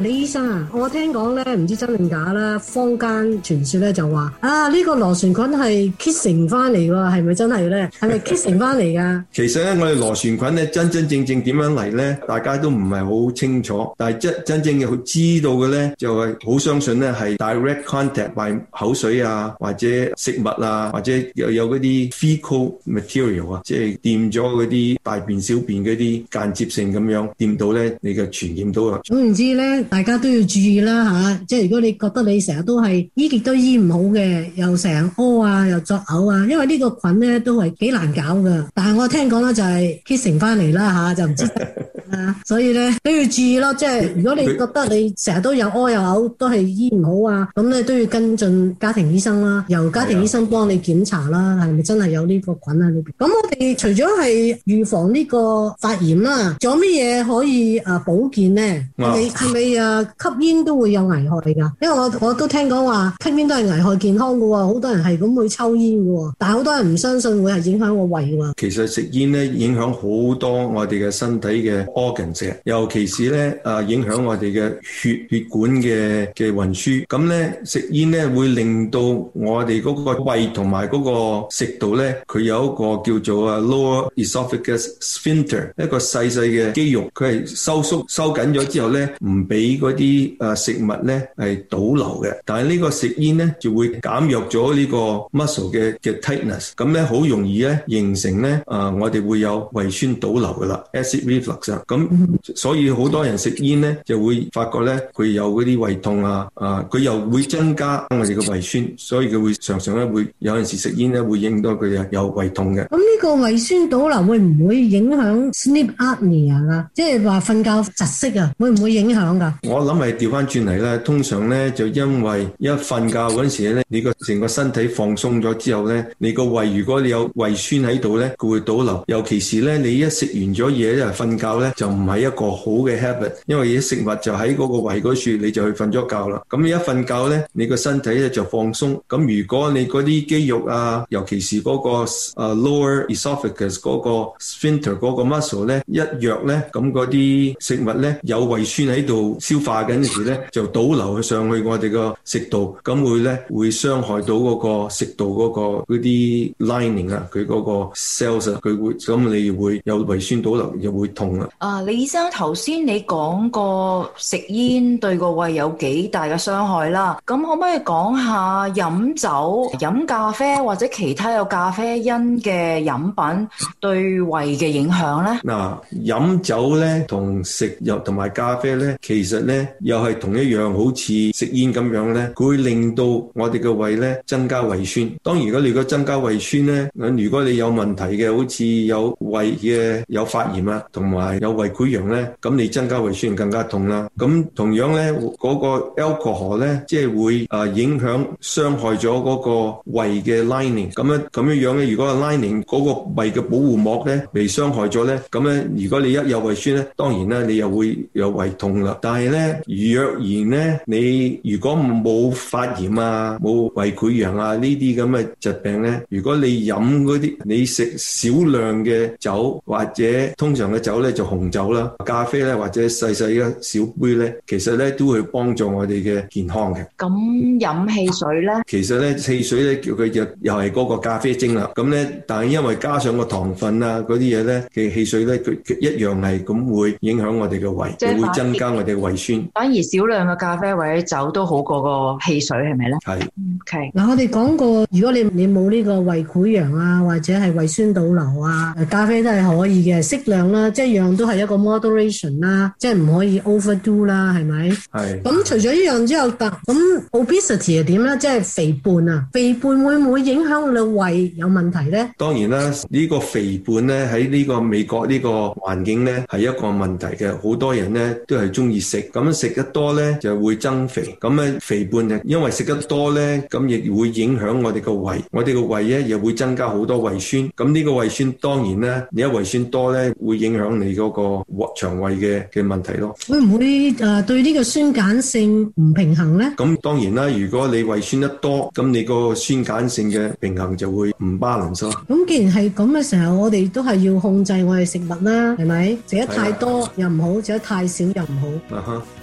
李醫生啊，我聽講咧，唔知真定假啦。坊間傳説咧就話啊，呢個螺旋菌係 kissing 翻嚟喎，係咪真係咧？係咪 kissing 翻嚟㗎？ 其實咧，我哋螺旋菌咧真真正正點樣嚟咧，大家都唔係好清楚。但係真真正嘅佢知道嘅咧，就係好相信咧係 direct contact by 口水啊，或者食物啊，或者又有嗰啲 fecal material 啊，即係掂咗嗰啲大便小便嗰啲間接性咁樣掂到咧，你嘅傳染到啊。總言之咧。大家都要注意啦吓，即係如果你覺得你成日都係醫極都醫唔好嘅，又成日屙啊，又作嘔啊，因為呢個菌咧都係幾難搞噶。但係我聽講咧就係 kissing 翻嚟啦吓，就唔知。 啊，所以咧都要注意咯，即係如果你覺得你成日都有屙又嘔， 都係醫唔好啊，咁咧都要跟進家庭醫生啦，由家庭醫生幫你檢查啦，係咪、啊、真係有呢個菌喺呢邊？咁我哋除咗係預防呢個發炎啦，仲有咩嘢可以啊保健咧？係咪係咪啊？吸煙都會有危害㗎，因為我我都聽講話吸煙都係危害健康嘅喎，好多人係咁會抽煙嘅喎，但係好多人唔相信會係影響個胃喎。其實食煙咧影響好多我哋嘅身體嘅。多嘅症，尤其是咧啊，影響我哋嘅血血管嘅嘅運輸。咁咧食煙咧會令到我哋嗰個胃同埋嗰個食道咧，佢有一個叫做啊 lower esophageal sphincter，一個細細嘅肌肉，佢係收縮收緊咗之後咧，唔俾嗰啲啊食物咧係倒流嘅。但係呢個食煙咧就會減弱咗呢個 muscle 嘅嘅 tightness，咁咧好容易咧形成咧啊，我哋會有胃酸倒流噶啦，acid reflux。咁、嗯、所以好多人食煙咧，就會發覺咧佢有嗰啲胃痛啊，啊佢又會增加我哋嘅胃酸，所以佢會常常咧會有陣時食煙咧會影響到佢有有胃痛嘅。咁呢個胃酸倒流會唔會影響 sleep apnea 㗎、啊？即係話瞓覺窒息啊？會唔會影響㗎？我諗係調翻轉嚟咧，通常咧就因為一瞓覺嗰陣時咧，你個成個身體放鬆咗之後咧，你個胃如果你有胃酸喺度咧，佢會倒流，尤其是咧你一食完咗嘢一係瞓覺咧。就唔係一個好嘅 habit，因為啲食物就喺嗰個胃嗰處，你就去瞓咗覺啦。咁一瞓覺咧，你個身體咧就放鬆。咁如果你嗰啲肌肉啊，尤其是嗰個啊 lower esophagus 嗰個 sphincter 嗰個 muscle 咧一弱咧，咁嗰啲食物咧有胃酸喺度消化緊時咧，就倒流去上去我哋個食道，咁會咧會傷害到嗰個食道嗰個嗰啲 lining 啊，佢嗰個 cells 啊，佢會咁你會有胃酸倒流又會痛啊。啊，李醫生，頭先你講過食煙對個胃有幾大嘅傷害啦，咁可唔可以講下飲酒、飲咖啡或者其他有咖啡因嘅飲品對胃嘅影響呢？嗱、呃，飲酒呢，同食藥同埋咖啡呢，其實呢又係同一樣，好似食煙咁樣呢，佢會令到我哋嘅胃呢增加胃酸。當然，如果你個增加胃酸咧，如果你有問題嘅，好似有胃嘅有發炎啊，同埋有胃潰瘍咧，咁你增加胃酸更加痛啦。咁同樣咧，嗰個 alcohol 咧，即係會啊影響傷害咗嗰個胃嘅 lining。咁咧咁樣樣咧，如果 lining 嗰個胃嘅保護膜咧被傷害咗咧，咁咧如果你一有胃酸咧，當然咧你又會有胃痛啦。但係咧，若然咧，你如果冇發炎啊，冇胃潰瘍啊呢啲咁嘅疾病咧，如果你飲嗰啲，你食少量嘅酒或者通常嘅酒咧就紅。紅酒啦、咖啡咧，或者細細一小杯咧，其實咧都會幫助我哋嘅健康嘅。咁飲汽水咧？其實咧汽水咧叫佢又又係嗰個咖啡精啦。咁咧，但係因為加上個糖分啊嗰啲嘢咧嘅汽水咧，佢佢一樣係咁會影響我哋嘅胃，會增加我哋嘅胃酸。反而少量嘅咖啡或者酒都好過個汽水，係咪咧？係。OK，嗱我哋講過，如果你你冇呢個胃潰瘍啊，或者係胃酸倒流啊，咖啡都係可以嘅，適量啦，即係樣都。係一個 moderation 啦，即係唔可以 overdo 啦，係咪？係。咁除咗呢樣之後，咁 obesity 係點咧？即係肥胖啊，肥胖會唔會影響你胃有問題咧？當然啦，呢個肥胖咧喺呢個美國呢個環境咧係一個問題嘅，好多人咧都係中意食，咁食得多咧就會增肥。咁咧肥胖嘅，因為食得多咧，咁亦會影響我哋個胃，我哋個胃咧又會增加好多胃酸。咁呢個胃酸當然咧，你一胃酸多咧會影響你個。個胃腸胃嘅嘅問題咯，會唔會誒、呃、對呢個酸鹼性唔平衡呢？咁當然啦，如果你胃酸得多，咁你個酸鹼性嘅平衡就會唔平衡。咁既然係咁嘅時候，我哋都係要控制我哋食物啦，係咪？食得太多又唔好，食、啊、得太少又唔好。Uh huh.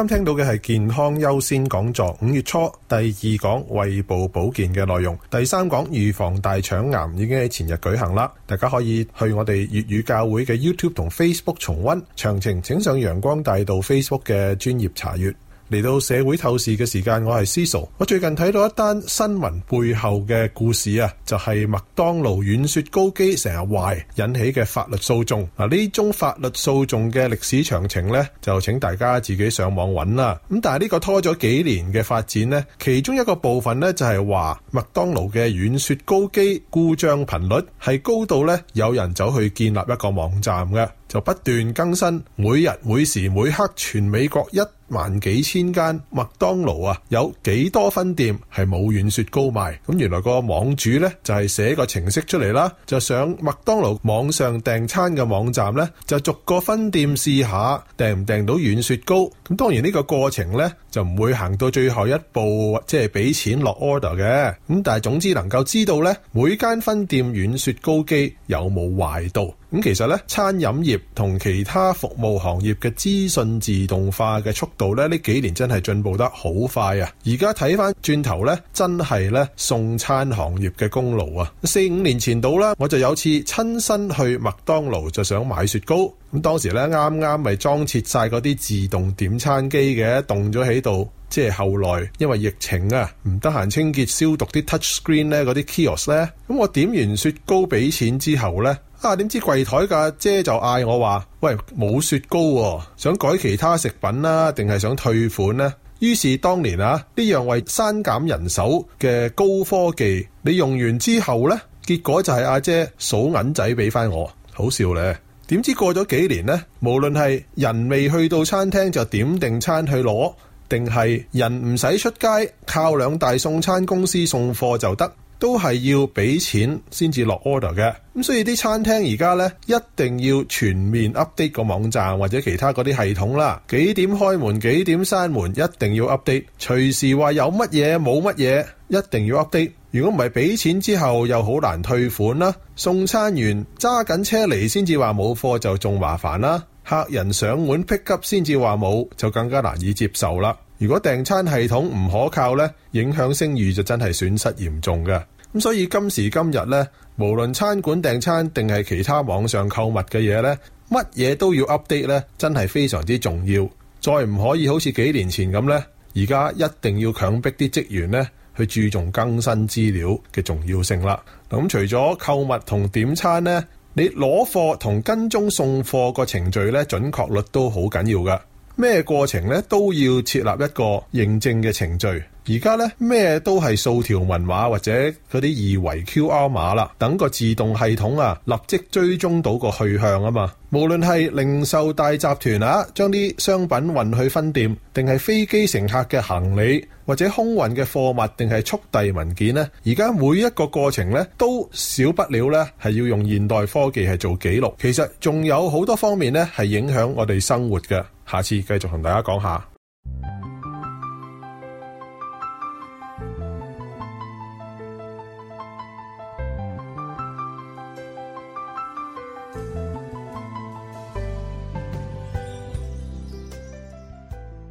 今聽到嘅係健康優先講座，五月初第二講胃部保健嘅內容，第三講預防大腸癌已經喺前日舉行啦。大家可以去我哋粵語教會嘅 YouTube 同 Facebook 重温，詳情請上陽光大道 Facebook 嘅專頁查閱。嚟到社會透視嘅時間，我係思瑤。我最近睇到一單新聞背後嘅故事啊，就係麥當勞軟雪糕機成日壞引起嘅法律訴訟。嗱，呢宗法律訴訟嘅歷史詳情咧，就請大家自己上網揾啦。咁但係呢個拖咗幾年嘅發展咧，其中一個部分咧就係話麥當勞嘅軟雪糕機故障頻率係高到咧有人走去建立一個網站嘅。就不斷更新，每日每時每刻，全美國一萬幾千間麥當勞啊，有幾多分店係冇軟雪糕賣？咁原來個網主呢，就係寫個程式出嚟啦，就上麥當勞網上訂餐嘅網站呢，就逐個分店試下訂唔訂到軟雪糕。咁當然呢個過程呢，就唔會行到最後一步，即係俾錢落 order 嘅。咁但係總之能夠知道呢，每間分店軟雪糕機有冇壞到。咁其實咧，餐飲業同其他服務行業嘅資訊自動化嘅速度咧，呢幾年真係進步得好快啊！而家睇翻轉頭咧，真係咧送餐行業嘅功勞啊！四五年前到啦，我就有次親身去麥當勞就想買雪糕，咁當時咧，啱啱咪裝設晒嗰啲自動點餐機嘅，凍咗喺度。即係後來因為疫情啊，唔得閒清潔消毒啲 touch screen 咧，嗰啲 kiosk 咧，咁我點完雪糕俾錢之後咧。啊！點知櫃台嘅阿姐就嗌我話：喂，冇雪糕、啊，想改其他食品啦、啊，定係想退款呢、啊？於是當年啊，呢樣為刪減人手嘅高科技，你用完之後呢，結果就係阿、啊、姐數銀仔俾翻我，好笑呢，點知過咗幾年呢，無論係人未去到餐廳就點定餐去攞，定係人唔使出街，靠兩大送餐公司送貨就得。都係要俾錢先至落 order 嘅，咁所以啲餐廳而家呢，一定要全面 update 個網站或者其他嗰啲系統啦。幾點開門，幾點閂門，一定要 update，隨時話有乜嘢冇乜嘢一定要 update。如果唔係俾錢之後又好難退款啦，送餐員揸緊車嚟先至話冇貨就仲麻煩啦，客人上門 pick up 先至話冇就更加難以接受啦。如果訂餐系統唔可靠呢，影響聲譽就真係損失嚴重嘅。咁所以今時今日呢，無論餐館訂餐定係其他網上購物嘅嘢呢，乜嘢都要 update 呢，真係非常之重要。再唔可以好似幾年前咁呢，而家一定要強迫啲職員呢，去注重更新資料嘅重要性啦。咁除咗購物同點餐呢，你攞貨同跟蹤送貨個程序呢，準確率都好緊要㗎。咩過程咧都要設立一個認證嘅程序。而家咧，咩都係數條文碼或者嗰啲二維 QR 碼啦，等個自動系統啊立即追蹤到個去向啊嘛。無論係零售大集團啊，將啲商品運去分店，定係飛機乘客嘅行李，或者空運嘅貨物，定係速遞文件咧。而家每一個過程咧都少不了咧係要用現代科技係做記錄。其實仲有好多方面咧係影響我哋生活嘅。下次繼續同大家講下。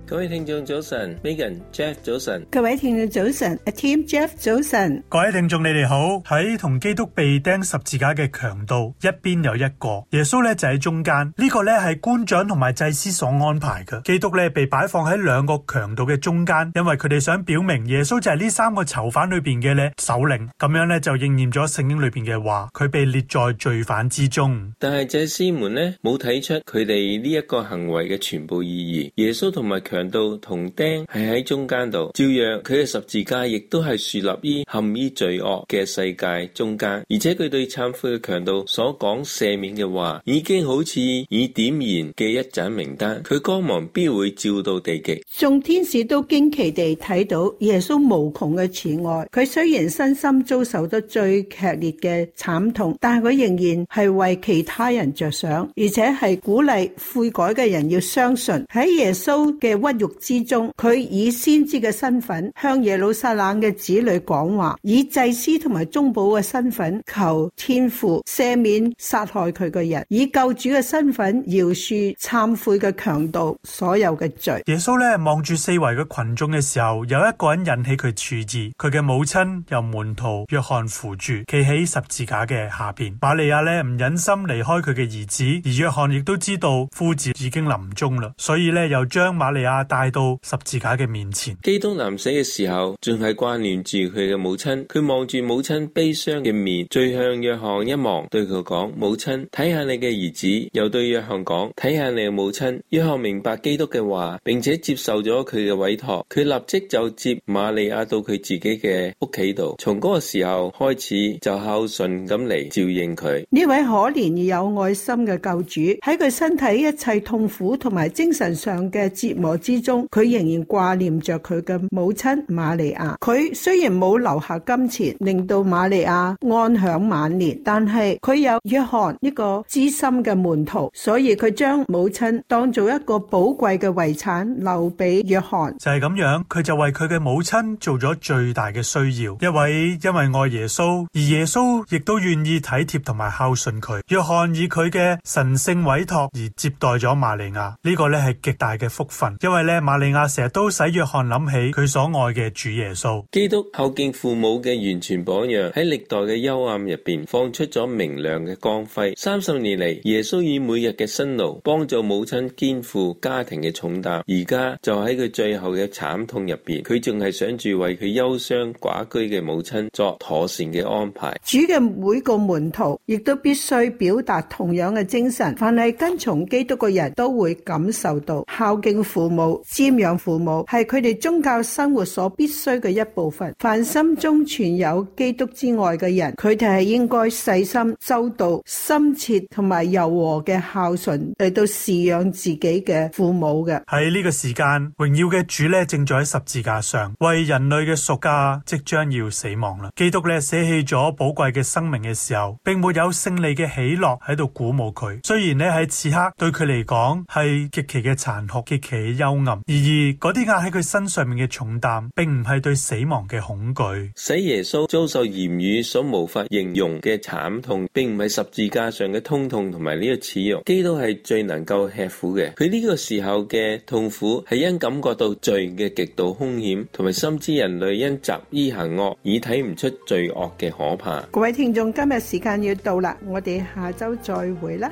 各位聽眾早晨，Megan、Jeff 早晨，各位聽眾早晨，阿 Team Jeff 早晨，各位聽眾你哋好。喺同基督被釘十字架嘅強盜一邊有一個，耶穌咧就喺中間。呢個咧係官長同埋祭司所安排嘅，基督咧被擺放喺兩個強盜嘅中間，因為佢哋想表明耶穌就係呢三個囚犯裏邊嘅咧首領。咁樣咧就應驗咗聖經裏邊嘅話，佢被列在罪犯之中。但係祭司們咧冇睇出佢哋呢一個行為嘅全部意義。耶穌同埋強強盜同釘係喺中間度，照樣佢嘅十字架亦都係豎立於陷於罪惡嘅世界中間。而且佢對懺悔嘅強盜所講赦免嘅話，已經好似已點燃嘅一盞明燈，佢光芒必會照到地極。眾天使都驚奇地睇到耶穌無窮嘅慈愛。佢雖然身心遭受得最劇烈嘅慘痛，但係佢仍然係為其他人着想，而且係鼓勵悔改嘅人要相信喺耶穌嘅溫不獄之中，佢以先知嘅身份向耶路撒冷嘅子女講話，以祭司同埋中保嘅身份求天父赦免殺害佢嘅人，以救主嘅身份饒恕懺悔嘅強盜所有嘅罪。耶穌咧望住四圍嘅群眾嘅時候，有一個人引起佢注意。佢嘅母親由門徒約翰扶住，企喺十字架嘅下邊。瑪利亞咧唔忍心離開佢嘅兒子，而約翰亦都知道夫子已經臨終啦，所以咧又將瑪利亞，帶到十字架嘅面前，基督臨死嘅時候，仲係掛念住佢嘅母親。佢望住母親悲傷嘅面，再向約翰一望，對佢講：母親，睇下你嘅兒子。又對約翰講：睇下你嘅母親。約翰明白基督嘅話，並且接受咗佢嘅委託，佢立即就接瑪利亞到佢自己嘅屋企度。從嗰個時候開始就，就孝順咁嚟照應佢呢位可憐而有愛心嘅救主，喺佢身體一切痛苦同埋精神上嘅折磨，之中，佢仍然掛念着佢嘅母親瑪利亞。佢雖然冇留下金錢令到瑪利亞安享晚年，但係佢有約翰一個知心嘅門徒，所以佢將母親當做一個寶貴嘅遺產留俾約翰。就係咁樣，佢就為佢嘅母親做咗最大嘅需要。因為因為愛耶穌，而耶穌亦都願意體貼同埋孝順佢。約翰以佢嘅神聖委託而接待咗瑪利亞，呢個咧係極大嘅福分，因為。咧瑪利亞成日都使約翰諗起佢所愛嘅主耶穌基督。孝敬父母嘅完全榜樣，喺歷代嘅幽暗入邊放出咗明亮嘅光輝。三十年嚟耶穌以每日嘅辛勞幫助母親肩負家庭嘅重擔，而家就喺佢最後嘅慘痛入邊，佢仲係想住為佢憂傷寡居嘅母親作妥善嘅安排。主嘅每個門徒亦都必須表達同樣嘅精神，凡係跟從基督嘅人都會感受到孝敬父母，贍養父母係佢哋宗教生活所必須嘅一部分。凡心中存有基督之愛嘅人，佢哋係應該細心、周到、深切同埋柔和嘅孝順嚟到侍養自己嘅父母嘅。喺呢個時間，榮耀嘅主咧正在十字架上為人類嘅贖價即將要死亡啦。基督咧捨棄咗寶貴嘅生命嘅時候，並沒有勝利嘅喜樂喺度鼓舞佢。雖然咧喺此刻對佢嚟講係極其嘅殘酷、極其嘅憂。而而嗰啲壓喺佢身上面嘅重擔，並唔係對死亡嘅恐懼；使耶穌遭受言語所無法形容嘅慘痛，並唔係十字架上嘅通痛同埋呢個恥辱。基督係最能夠吃苦嘅，佢呢個時候嘅痛苦係因感覺到罪嘅極度凶險，同埋深知人類因習於行惡而睇唔出罪惡嘅可怕。各位聽眾，今日時間要到啦，我哋下周再會啦。